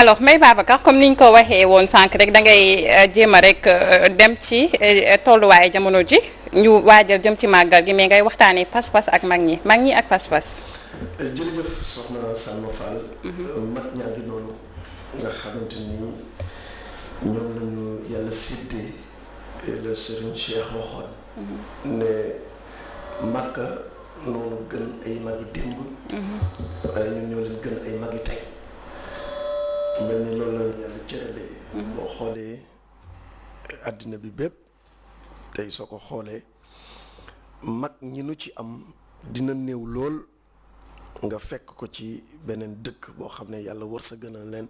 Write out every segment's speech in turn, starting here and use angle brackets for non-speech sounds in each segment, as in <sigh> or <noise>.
alors May Babacar comme ni ñu ko waxee woon sànq rek da ngay euh, jéem a rek euh, dem ci euh, tolluwaayu jamono ji ñu waajal jëm ci màggal gi mais ngay waxtaanee pas-pas ak mag ñi mag ñi ak pas-pas. jërëjëf mhm. ñaa ngi noonu nga xamante ni ñoom lañu yàlla séddee le Serigne Cheikh waxoon. Mhm. ne Makka noonu gën ay magi démb. Mhm. waaye ñun ñoo leen gën ay magi tey. mel ni loolu la yàlla cëralee. Mhm. boo xoolee àddina bi bépp tey soo ko xoolee mag ñi nu ci am dina néew lool nga fekk ko ci beneen dëkk boo xam ne yàlla war sa gënal leen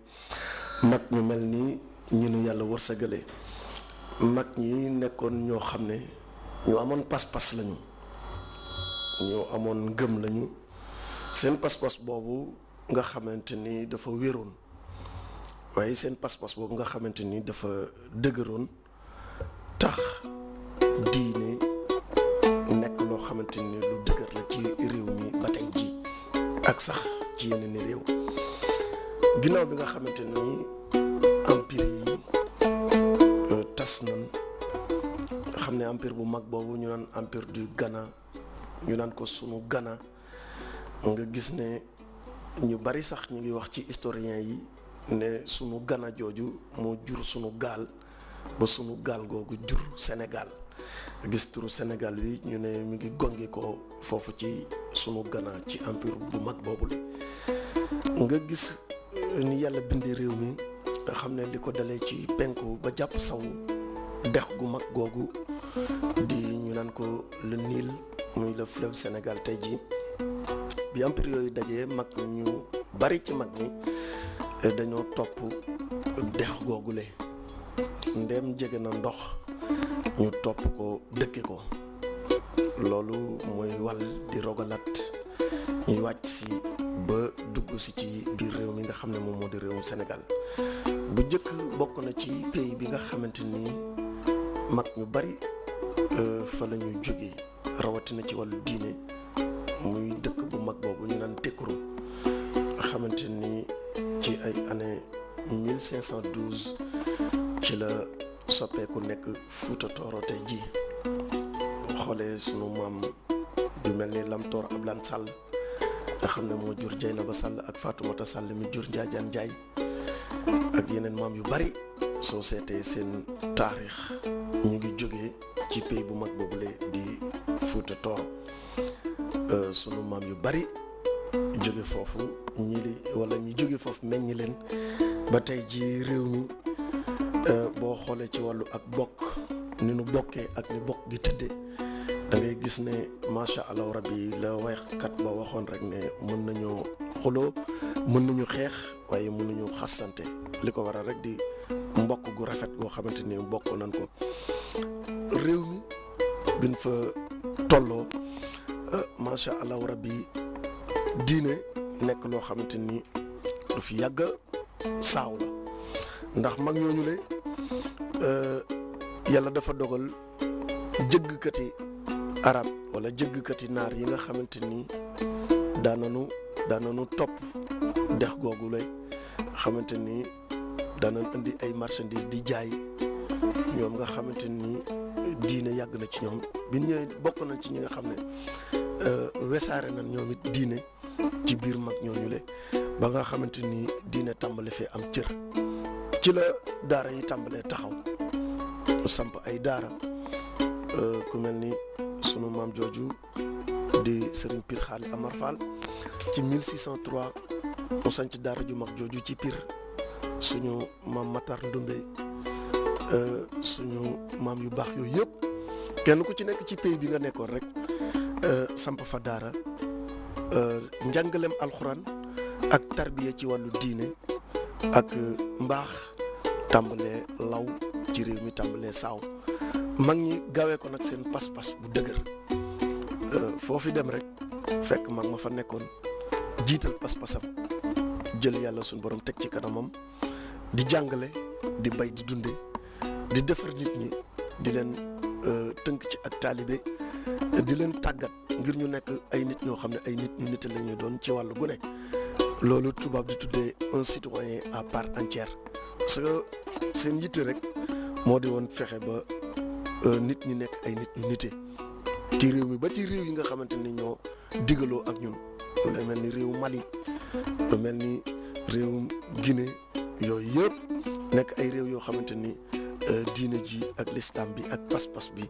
mag ñu mel ni ñu nu yàlla war sa gëlee mag ñi nekkoon ñoo xam ne ñu amoon pas-pas lañu ñu amoon ngëm lañu seen pas-pas boobu nga xamante ni dafa wéeroon waaye seen pas-pas boobu nga xamante ni dafa dëgëroon tax diine nekk loo xamante ni lu dëgër la ci réew mi ba tey ak sax ci yeneen i réew ginnaaw bi nga xamante ni empire yi euh, tas nan xam ne empire bu mag boobu ñu naan empire du Ghana ñu naan ko sunu Ghana nga gis ne ñu bari sax ñu ngi wax ci historien yi ne sunu gana jooju moo jur sunu gaal ba sunu gaal googu jur senegal gis turu senegal bi ñu ne mi ngi gongi ko foofu ci sunu gana ci empire bu mag boobu boobule nga gis euh, ni yàlla bindee réew mi nga xam ne li ko dalee ci penku ba jàpp saw dex gu mag googu di ñu naan ko le Nil muy le fleuve Sénégal tey jii bi empire yooyu dajee mag ñu bari ci mag ñi dañoo topp dex googule ndem jege na ndox ñu topp ko dëkke ko loolu mooy wal di rogalaat ñuy wàcc si ba dugg si ci biir réew mi nga xam ne moom moo di réewum senegal bu njëkk bokk na ci pays bi nga xamante ni mag ñu bari euh, fa la ñuy jóge rawatina ci wàllu diine 1512 ci la soppeeku nekk Fuuta Tooro tey jii xoolee sunu maam du mel ni Lamtoor Ablan Sall nga xam ne moo jur na ba Sall ak Faatumata sàll mi jur Njaajaan Njaay ak yeneen maam yu bari soo seetee seen taarix ñu ngi jóge ci pays bu mag boobule di Fuuta Tooro euh, sunu maam yu bari jóge foofu ñi li wala ñi jóge foofu meññ leen ba tey ji réew mi euh, boo xoolee ci wàllu ak bokk ni nu bokkee ak ni bokk gi tëddee dangay gis ne macha allah rabbi la waykat ba waxoon rek ne mën nañu xuloo mën nañu xeex waaye mën nañu xasante li ko waral rek di mbokk gu rafet goo xamante ni mbokk nañ ko réew mi biñ fa tolloo euh, macha allah rabbi diine nekk loo xamante ni du fi yàgg. saaw ndax mag ñooñu le euh, yàlla dafa dogal jëggkati arab wala jëggkati naar yi nga xamante ni daananu daananu topp dex googu lay xamante ni daanan indi ay marchandise di jaay ñoom nga xamante ni diine yàgg na ci ñoom bi ñëwee bokk nañ ci ñi nga xam ne euh, wesaare nañ ñoom it diine ci biir mag ñooñu le ba nga xamante ni diine tàmbali fi am cër ci la daara yi tàmbalee taxaw samp ay daara euh, ku mel ni suñu maam jooju di Serigne piir Xaali Amar Fall ci 1603 mu sanc daara ju mag jooju ci piir suñu maam Matar Ndumbe euh, suñu maam yu baax yooyu yëpp kenn ku ci nekk ci pays bi nga nekkoon rek euh, samp fa daara njàngalem alxuraan. ak tarbiya ci wàllu diine ak euh, mbaax tàmbalee law ci réew mi tàmbalee saaw mag ñi gawee ko nag seen pas-pas bu dëgër euh, foofu dem rek fekk mag ma fa nekkoon jiital pas-pasam jël yàlla suñu borom teg ci kanamam di jàngale di bay di dunde di defar nit ñi di leen euh, tënk ci ak taalibe di leen tàggat ngir ñu nekk ay nit ñoo xam ne ay nit ñu nite la ñu doon ci wàllu gune loolu tubaab di tuddee un citoyen à part entière parce que seen yitte rek moo di woon fexe ba euh, nit ñi nekk ay nit ñu nite ci réew mi ba ci réew yi nga xamante ni ñoo digaloo ak ñun lu mel ni réew Mali lu mel ni réew Guinée yooyu yëpp nekk ay réew yoo xamante ni euh, diine ji ak lislam bi ak pas-pas bi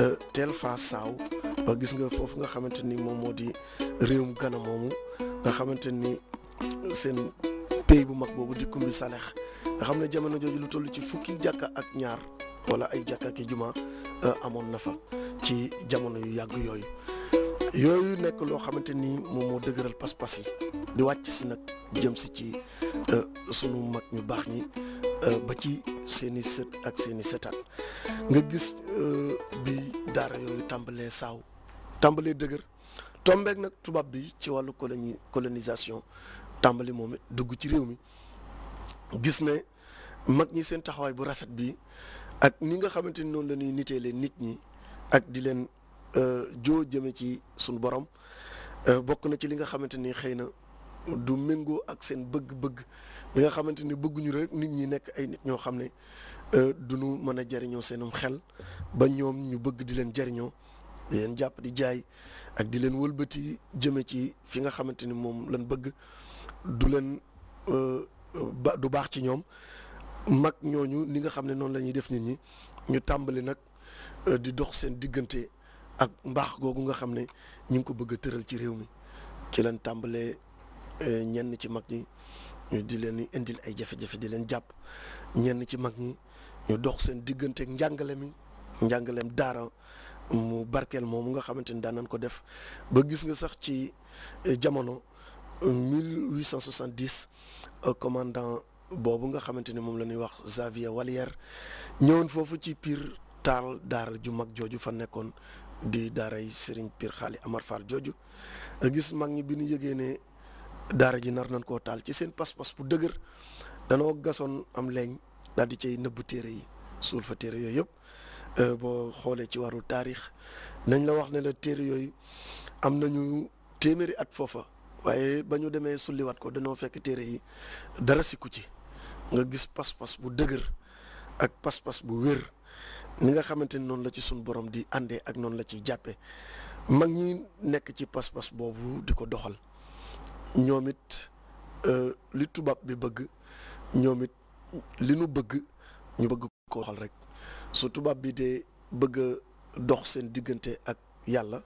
euh, teel fa saaw ba gis nga foofu nga xamante ni moom moo di réewum Gana moomu nga xamante seen pays bu mag boobu di Koumbi Salex nga xam ne jamono jooju lu toll ci fukki jàkk ak ñaar wala ay jàkka ki juma euh, amoon na fa ci jamono yu yàgg yooyu yooyu nekk loo xamante ni moom moo dëgëral pas-pas yi di wàcc si nag jëm si ci euh, sunu mag ñu baax ñi euh, ba ci seeni sët ak seeni sëtaat nga gis bi daara yooyu tàmbalee saaw tàmbalee dëgër tombeek nag tubaab bi ci wàllu coloni tàmbali moom dugg ci réew mi gis ne mag ñi seen taxawaay bu rafet bi ak ni nga xamante ni noonu la ñuy niteele nit ñi ak di leen euh, joo jëme ci suñu borom euh, bokk na ci li nga xamante ni xëy na du méngoo ak seen bëgg-bëgg li nga xamante ni bëgguñu rek nit ñi nekk ay nit ñoo xam ne euh, du ñu mën a jariñoo seenum xel ba ñoom ñu bëgg di leen jariñoo di leen jàpp di jaay ak di leen wëlbati jëme ci fi nga xamante ni moom lañ bëgg du leen euh, ba du baax ci ñoom mag ñooñu ni nga xam ne noonu lañuy def nit ñi ñu tàmbali nag euh, di dox seen diggante ak mbaax googu nga xam ne ñu ngi ko bëgg a tëral ci réew mi ci leen tàmbalee euh, ñenn ci mag ñi ñu di leen indil ay jafe-jafe di leen jàpp ñenn ci mag ñi ñu dox seen diggante njàngale mi njàngaleem daara mu barkeel moom nga xamante ni daan nañ ko def ba gis nga sax ci jamono. 1870 euh, commandant boobu nga xamante ni moom la ñuy wax Xavier Walière ñëwoon foofu ci piir taal daara ju mag jooju fa nekkoon di daaray Serigne Pire Xaali Amar Fall jooju gis mag ñi bi ñu yëgee ne daara ji nar nañ ko taal ci seen pas-pas bu dëgër danoo gasoon am leeñ daal di cay nëbb téere yi suul fa téere yooyu yëpp euh, boo xoolee ci waru taarix nañ la wax ne téere yooyu am nañu téeméeri at foofa waaye ba ñu demee sulliwaat ko dañoo fekk téere yi dara sikku ci nga gis pas-pas bu dëgër ak pas-pas bu wér ni nga xamante ni noonu la ci suñu borom di àndee ak noonu la ciy jàppee mag ñi nekk ci pas-pas boobu di ko doxal ñoom it euh, li tubaab bi bëgg ñoom it li nu bëgg ñu bëgg ko doxal rek su tubaab bi dee bëgg a dox seen diggante ak yàlla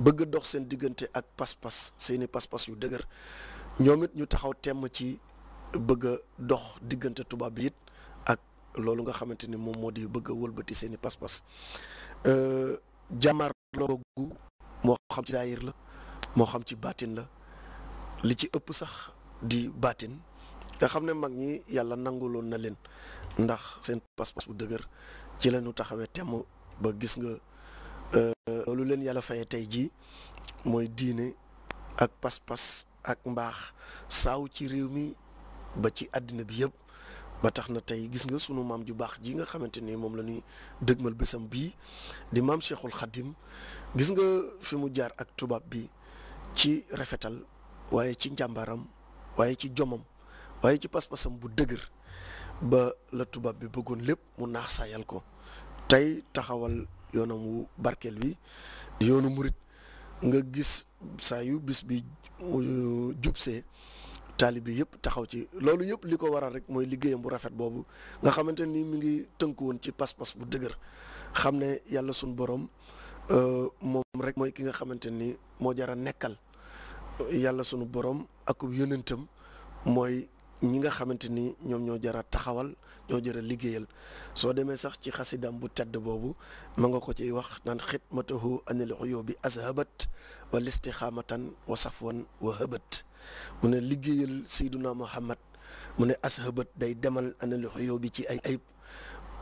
bëgg dox seen diggante ak pas-pas seeni pas-pas yu dëgër ñoom it ñu taxaw temm ci bëgg a dox diggante tubaab yi it ak loolu nga xamante ni moom moo di bëgg a wëlbati seeni pas-pas euh, jàmmaar loogu moo xam ci la moo xam ci batin la li ci ëpp sax di baatin nga xam ne mag ñi yàlla nanguloon na leen ndax seen pas-pas bu dëgër ci la ñu taxawee temm ba gis nga Euh, loolu leen yàlla faye tey jii mooy diine ak paspas ak mbaax saaw ci réew mi ba ci àddina bi yëpp ba tax na tey gis nga sunu maam ju baax ji nga xamante ni moom la ñuy dëgmal bésam bii di maam Cheikhul Khadim gis nga fi mu jaar ak tubaab bi ci rafetal waaye ci njàmbaram waaye ci jomam waaye ci pas-pasam bu dëgër ba la tubaab bi bëggoon lépp mu naax saayal ko tey taxawal yoonam wu barkeel wi yoonu murit nga gis saa yu bis bi euh, jubsee taalibe yëpp taxaw ci loolu yëpp li ko waral rek mooy liggéeyam bu rafet boobu nga xamante ni mu ngi tënku woon ci pas-pas bu dëgër xam ne yàlla suñ borom euh, moom rek mooy ki nga xamante ni moo jar a nekkal yàlla sunu borom akub yónentam mooy ñi nga xamante ni ñoom ñoo jar a taxawal ñoo jar liggéeyal soo demee sax ci xasidam bu tedd boobu ma nga ko ciy wax naan xidmatahu anil uyubi azhabat wa listixaamatan wa safwan wa hëbat mu ne liggéeyal sayduna muhammad mu ne azhabat day demal anil uyubi ci ay ayib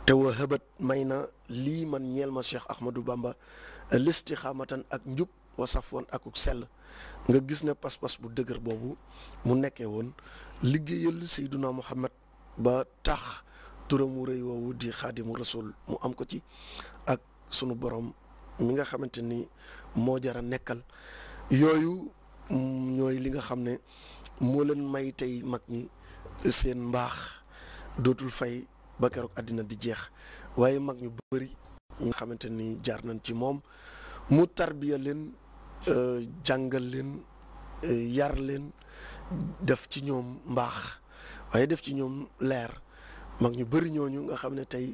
te wa hëbat may na lii man ñeel ma cheikh ahmadou bamba listixaamatan ak njub wa safwan akuk sell nga gis ne pas-pas bu dëgër boobu mu nekkee woon liggéeyal Seyduna Muhammad ba tax turam wu rëy wowu di mu rasul mu am ko ci ak sunu boroom mi nga xamante ni moo jara nekkal yooyu ñooy li nga xam ne moo leen may tey mag ñi seen mbaax dootul fay ba keroog àddina di jeex waaye mag ñu bëri nga xamante jaar nañ ci moom mu tarbiya leen Euh, jàngal leen euh, yar leen def ci ñoom mbaax waaye def ci ñoom leer mag ñu bëri ñooñu nga xam ne tey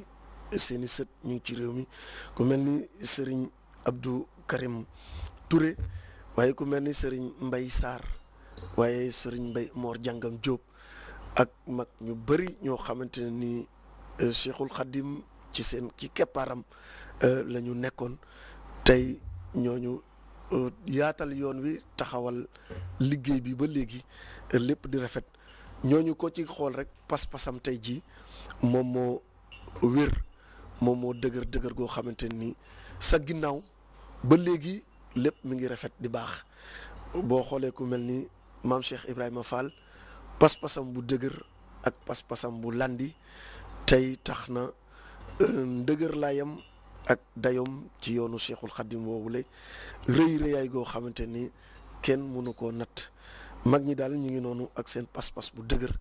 seeni sët ñu ci réew mi ku mel ni sëriñ Abdou Karim ture waaye ku mel ni sëriñ Mbay Sarr waaye sëriñ Mbay Moor Jàngam Jóob ak mag ñu bari ñoo xamante ne ni euh, Cheikhul Xadim ci seen ci keppaaram lañu nekkoon tey ñooñu Euh, yaatal yoon wi taxawal liggéey bi ba léegi lépp di rafet ñooñu ko ci xool rek pas-pasam tey jii moom moo wér moom moo dëgër dëgër goo xamante ni sa ginnaaw ba léegi lépp mu ngi rafet di baax boo xoolee ku mel ni maam Cheikh Ibrahima Fall pas-pasam bu dëgër ak pas-pasam bu landi tey tax na euh, dëgër laayam ak dayoom ci yoonu cheikhul xadim woowule rëy rëyaay goo xamante ni kenn mënu koo natt mag ñi daal ñu ngi noonu ak seen pas-pas bu dëgër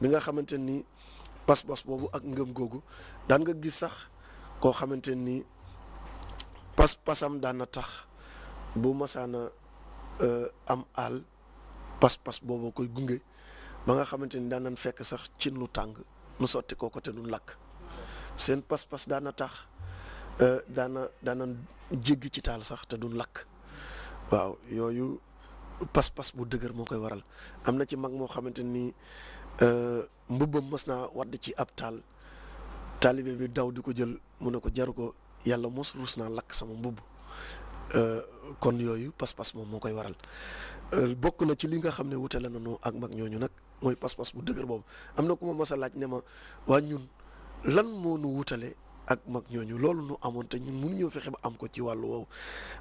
bi nga xamante ni pas-pas boobu ak ngëm googu daan nga gis sax koo xamante ni pas-pasam daan na tax bu masaana euh, am àll pas-pas booboo koy gunge ba nga xamante ni daan nañ fekk sax cin lu tàng nu sotti koo ko te duñ lakk seen pas-pas daan na tax. Euh, daana daana jéggi ci taal sax te du lakk waaw yooyu pas-pas bu dëgër moo koy waral am na ci mag moo xamante ni euh, mbubbam mës naa wadd ci ab taal taalibe bi daw di ko jël mu ne ko jaru ko yàlla mos ruus naa lakk sama mbubb euh, kon yooyu pas-pas moom moo koy waral bokk na ci li nga xam ne wute na nu ak mag ñooñu nag mooy pas-pas bu dëgër boobu am na ku ma mos laaj ne ma waa ñun lan moo nu wutale ak mag ñooñu loolu nu amoon te ñun ñëw fexe ba am ko ci wàllu wow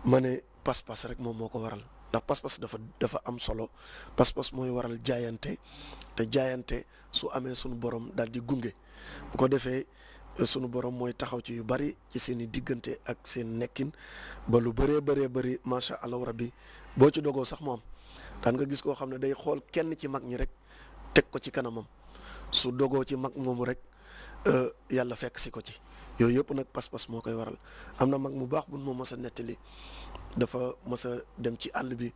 ma ne pas-pas rek moom moo ko waral ndax pas-pas dafa dafa am solo pas-pas mooy waral jaayante te jaayante su amee sunu borom daal di gunge ko defee sunu borom mooy taxaw ci yu bari ci seen i diggante ak seen nekkin ba lu bëree bëree bëri macha allah rabbi boo ci dogoo sax moom daan nga gis koo xam ne day xool kenn ci mag ñi rek teg ko ci kanamam su dogoo ci mag moomu rek. Euh, yàlla fekk si ko ci yooyu yëpp nag pas-pas moo koy waral am na mag mu baax bu ma mës a nettali dafa mës dem ci àll bi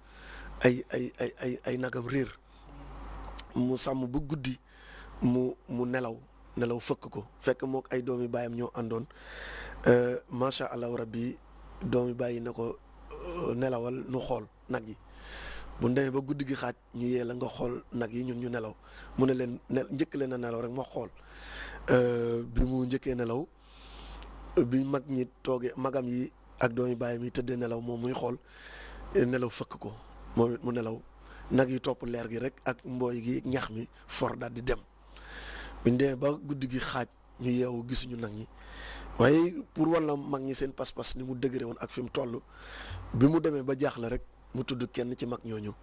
ay ay ay ay ay nagam réer mu sàmm bu guddi mu mu nelaw nelaw fëkk ko fekk mook ay doomi baayam ñoo àndoon euh, macha allahu rabbi doomi bàyyi na ko euh, nelawal nu xool nag yi bu ndee ba guddi gi xaaj ñu yee la nga xool nag yi ñun ñu nelaw mu ne leen njëkk leen a nelaw rek ma xool Euh, bi mu njëkkee nelaw bi mag ñi toogee magam yi ak doomi bàyyam yi tëddee nelaw moom muy xool nelaw fëkk ko moom it mu nelaw nag yi topp leer gi rek ak mbooy gi ñax mi for daal di dem biñ demee ba guddi gi xaaj ñu yeewu gisuñu nag ñi waaye pour walla mag ñi seen pas-pas ni mu dëgëre woon ak fi mu toll bi mu demee ba jaaxle rek mu tudd kenn ci mag ñooñu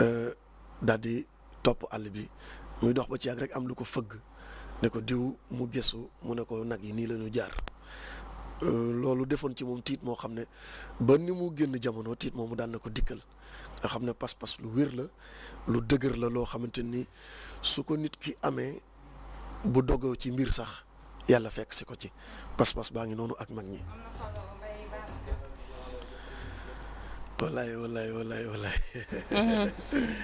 euh, daal di topp àll bi muy dox ba ci yàgg rek am lu ko fëgg ne ko diw mu gëstu mu ne ko nag yi nii la ñu jaar euh, loolu defoon ci moom tiit moo xam ne ba ni mu génn jamono tiit moom mu daan na ko dikkal nga xam ne pas-pas lu wér la lu dëgër la loo xamante ni su ko nit ki amee bu dogoo ci mbir sax yàlla fekk si ko ci pas-pas baa ngi noonu ak mag ñi. wallaay wallaay mhm.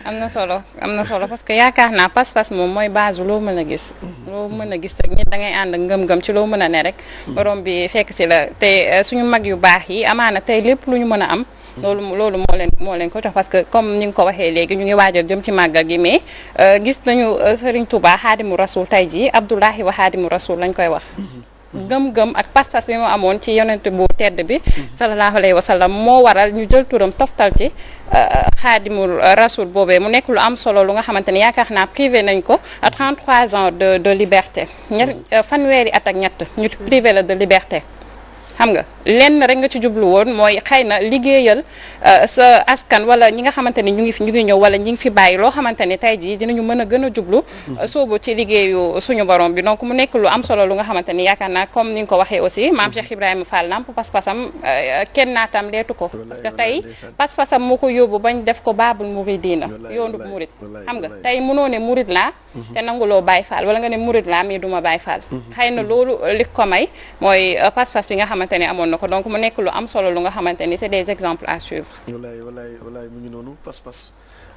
am na solo am na solo parce que yaakaar naa pas-pas moom mooy base loo mën a gis. loo mën a gis rek nit da ngay ànd ak ngëm-ngëm ci loo mën a ne rek. borom bi fekk si la te eh, suñu mag yu baax yi amaana tey lépp lu ñu mën a am. loolu loolu moo leen moo leen ko jox parce que comme ni nga ko waxee léegi ñu ngi waajal jëm ci màggal gi mais eh, gis nañu eh, Serigne Touba Xaadimu Rasul tey jii Abdoulahi wa Xaadimu Rasul lañ koy wax. Mhm. gëm-gëm ak pas-pas bi mu amoon ci yonent bu tedd bi sallallahu alayhi wa sallam moo waral ñu jël turam toftal ci euh, xaadimul rasul boobee mu nekk lu am solo lu nga xamante ne yaakaar naa privé nañ ko à 33 ans de de liberté ñett mm. euh, fanweeri at ak ñett ñu privé la de liberté xam nga lenn rek nga ci jublu woon mooy xëy liggéeyal euh, sa askan wala ñi nga xamante ni ñu ngi fi ñu ngi ñëw wala ñi ngi fi bàyyi loo xamante ni tey jii dinañu mën a gën a jublu mm-hmm. euh, soobu ci liggéeyu suñu borom bi donc mu nekk lu am solo lu nga xamante ni yaakaar naa comme ni nga ko waxee aussi maam Cheikh Ibrahima Fall namp pas-pasam euh, kenn naatam leetu ko parce que tey ko yóbbu bañ def ko baabul muridina yoonu murid xam nga tey mënoo ne murid laa mm-hmm. te nanguloo Baay Faal wala nga ne murid laa mais duma Baay Faal mm-hmm. xamante amoon na ko donc mu nekk lu am solo lu nga xamante ni c'est des exemples à suivre. walaay walaay walaay mu ngi noonu pas-pas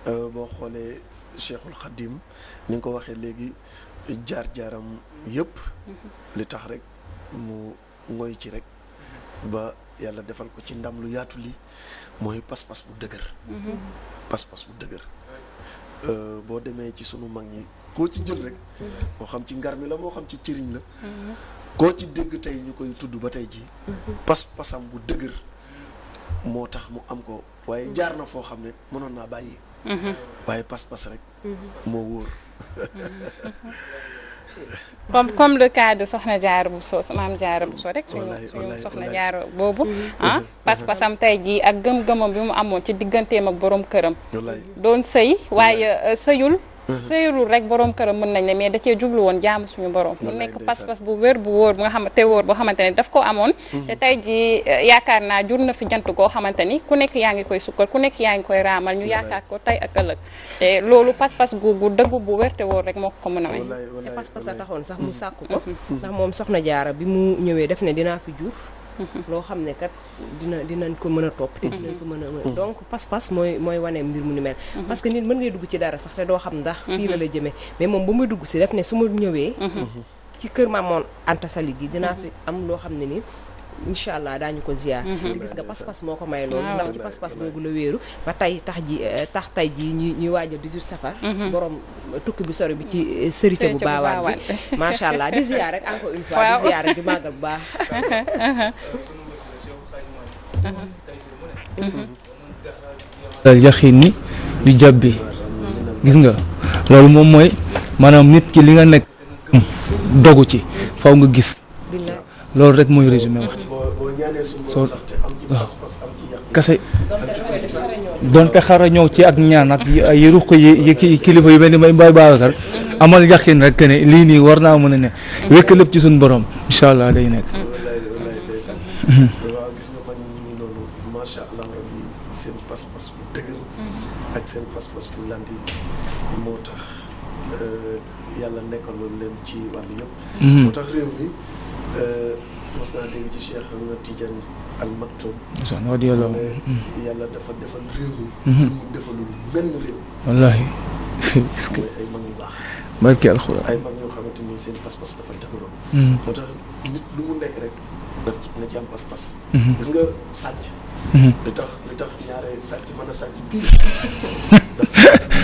euh, boo xoolee Cheikhul Khadim ni nga ko waxee léegi jaar-jaaram yëpp mhm. li tax rek mu ngoy ci rek ba yàlla defal ko ci ndam lu yaatu li mooy pas-pas bu dëgër. Mhm. pas-pas bu dëgër. Euh, boo demee ci sunu mag ñi koo ci jël rek mhm. moo xam ci ngar mi la moo xam ci cëriñ la koo ci dégg tey ñu koy tudd ba tey ji mhm. pas pasam bu dëgër moo tax mu am ko waaye jaar na foo xam ne mënoon naa bàyyi mhm. waaye pas-pas rek mhm. moo wóor comme comme le cas de Soxna bu Buso maam Jaara Buso rek suñu Soxna Jaara boobu ah pas-pasam tey jii ak gëm-gëmam bi mu amoon ci digganteem ak boroom këram doon sëy waaye euh, sëyul sëyru rek borom a mën nañ ne mais da cee jublu woon jaamu suñu borom mu nekk pas-pas bu wér bu wóor bu nga xam te wóor boo xamante ne daf ko amoon mhm. te tey ji eh, yaakaar naa jur na fi jant koo xamante ni ku nekk yaa ngi koy sukkal ku nekk yaa ngi koy raamal ñu yaakaar ko tey ak ëllëg te loolu pas-pas gu gu dëggu bu wér te wóor rek moo ko mën a may te pas-pas a taxoon sax mu mhm. sàkku ko mhm. ndax moom soxna jaara bi mu ñëwee def ne dinaa fi jur loo xam ne kat dina dinañ ko mën a topp te mhm. dinañ ko mën a donc pas-pas mooy mooy wane mbir mu ni mel mhm. parce que nit mën ngay dugg ci dara sax te doo xam ndax mhm. fii a la jëmee mais moom ba ma dugg si def ne su ma ñëwee ci kër Maam Anta Sali gi dinaa fi am loo xam ne ni incha allah daañu ko ziar te mhm. gis nga pas-pas moo ko may loolu ah, ndax ci pas-pas boobu la wéeru ba tey tax ji eh, tax tey ji ñu ñuy waajal 18 safar mhm. borom tukki bi sori bi ci eh, sërite bu <laughs> macha allah di bu baax <laughs> uh-huh. Uh-huh. yaxin ni yu jàpp bi gis nga loolu moom mooy maanaam nit ki li nga nekk mm, dogu ci faw nga gis loolu rek mooy résumé wax ci kase donte xara ñëw ci ak ñaan ak yi ruq yi yi kilifa yu mel ni may mbaay Babacar amal yaqin rek ne lii nii war naa mën a ne wekk lépp ci suñ borom incha allah day nekk mhm. mhm. ak seen pas-pas bu landi moo tax euh, mhm. moo tax réew mi euh, mos naa dégg ci Cheikh Ahmed Tidiane Al Maktoum. radiyallahu anhu hmm. yàlla dafa defal réew mi. lu hmm. mu defalul benn réew. wallaahi. <laughs> est-ce que ay mag yu baax. barke alxuraan ay mag ñoo xamante ni seen pas-pas dafa dëgëroon. Hmm. moo tax nit tax li tax mën a sàcc biir. daf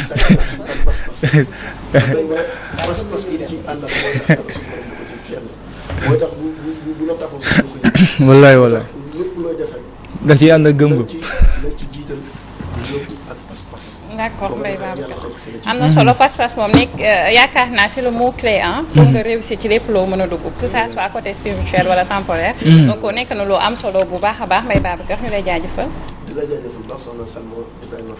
sàcc daf ci am pas <laughs> moo tax dara su ko mooy tax bu wallaay wallaay lépp looy ànd ak gëm-gëm da ciy jiital ak pas-pas. d'accord Mbaye Babacar am na solo pas euh, le mot clé ah. pour mm-hmm. ci lépp loo mën a dugg. que ça mm-hmm. côté spirituel wala temporaire. Mm-hmm. nekk na loo am solo bu baax a baax Mbaye Babacar ñu lay jaajëfal. di la jaajëfal baax soxna Salma Ibrahima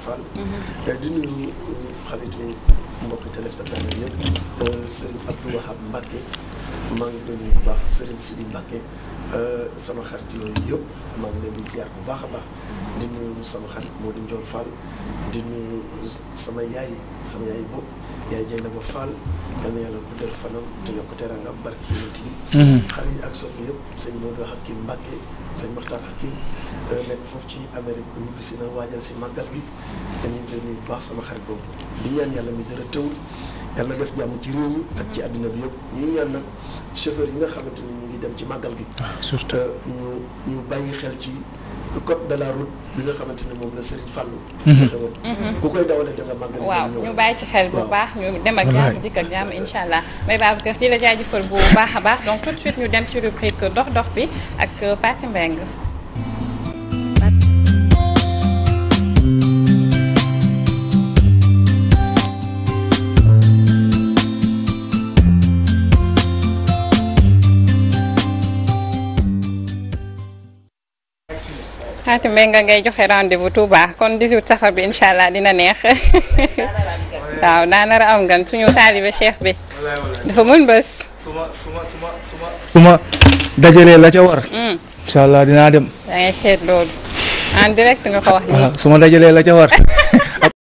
maa baax doon bu baax Serigne Sidi Mbacke euh, sama xarit yooyu yëpp maa ngi leen di ziar bu baax a baax di nuyu sama xarit moo di Ndiol Fall di nuyu. sama yaay sama yaay bopp yaay jay na ba Fall yal na yàlla guddal fanam te yokk teraanga am barki yonent bi mhm. xarit yi ak soppi yëpp sëñ Modou Hakim Mbacke sëñ Mokhtar Hakim euh, nekk foofu ci Amérique ñu bisi na waajal si màggal bi dañuy leen bu baax sama xarit boobu di ñaan yàlla mi dara teewul yàlla def jàmm ci réew mi ak ci àddina bi yëpp ñuy ñaan nag chauffeur yi nga xamante ni ñu ngi dem ci màggal bi ah, surtout euh, ñu ñu bàyyi xel ci le code de la route bi nga xamante ne moom la Serigne Fallou. Mhm. Mhm. ku koy dawalee da nga màgg. waaw ñu ak jàmm dikk ak jàmm incha allah. may Babacar di la jaajëfal bu baax a baax donc tout de suite ñu dem ci rubrique dox dox bi ak Pati Fatou Mbengue ngay joxe rendez-vous Touba kon 18 safar bi incha allah dina neex <laughs> waaw daa nar a am gan suñu taalibe cheikh bi dafa mën bés suma suma suma suma suma la ca war hmm. incha allah dinaa dem da ngay seet loolu en direct nga ko wax suma dajalee la ca <laughs>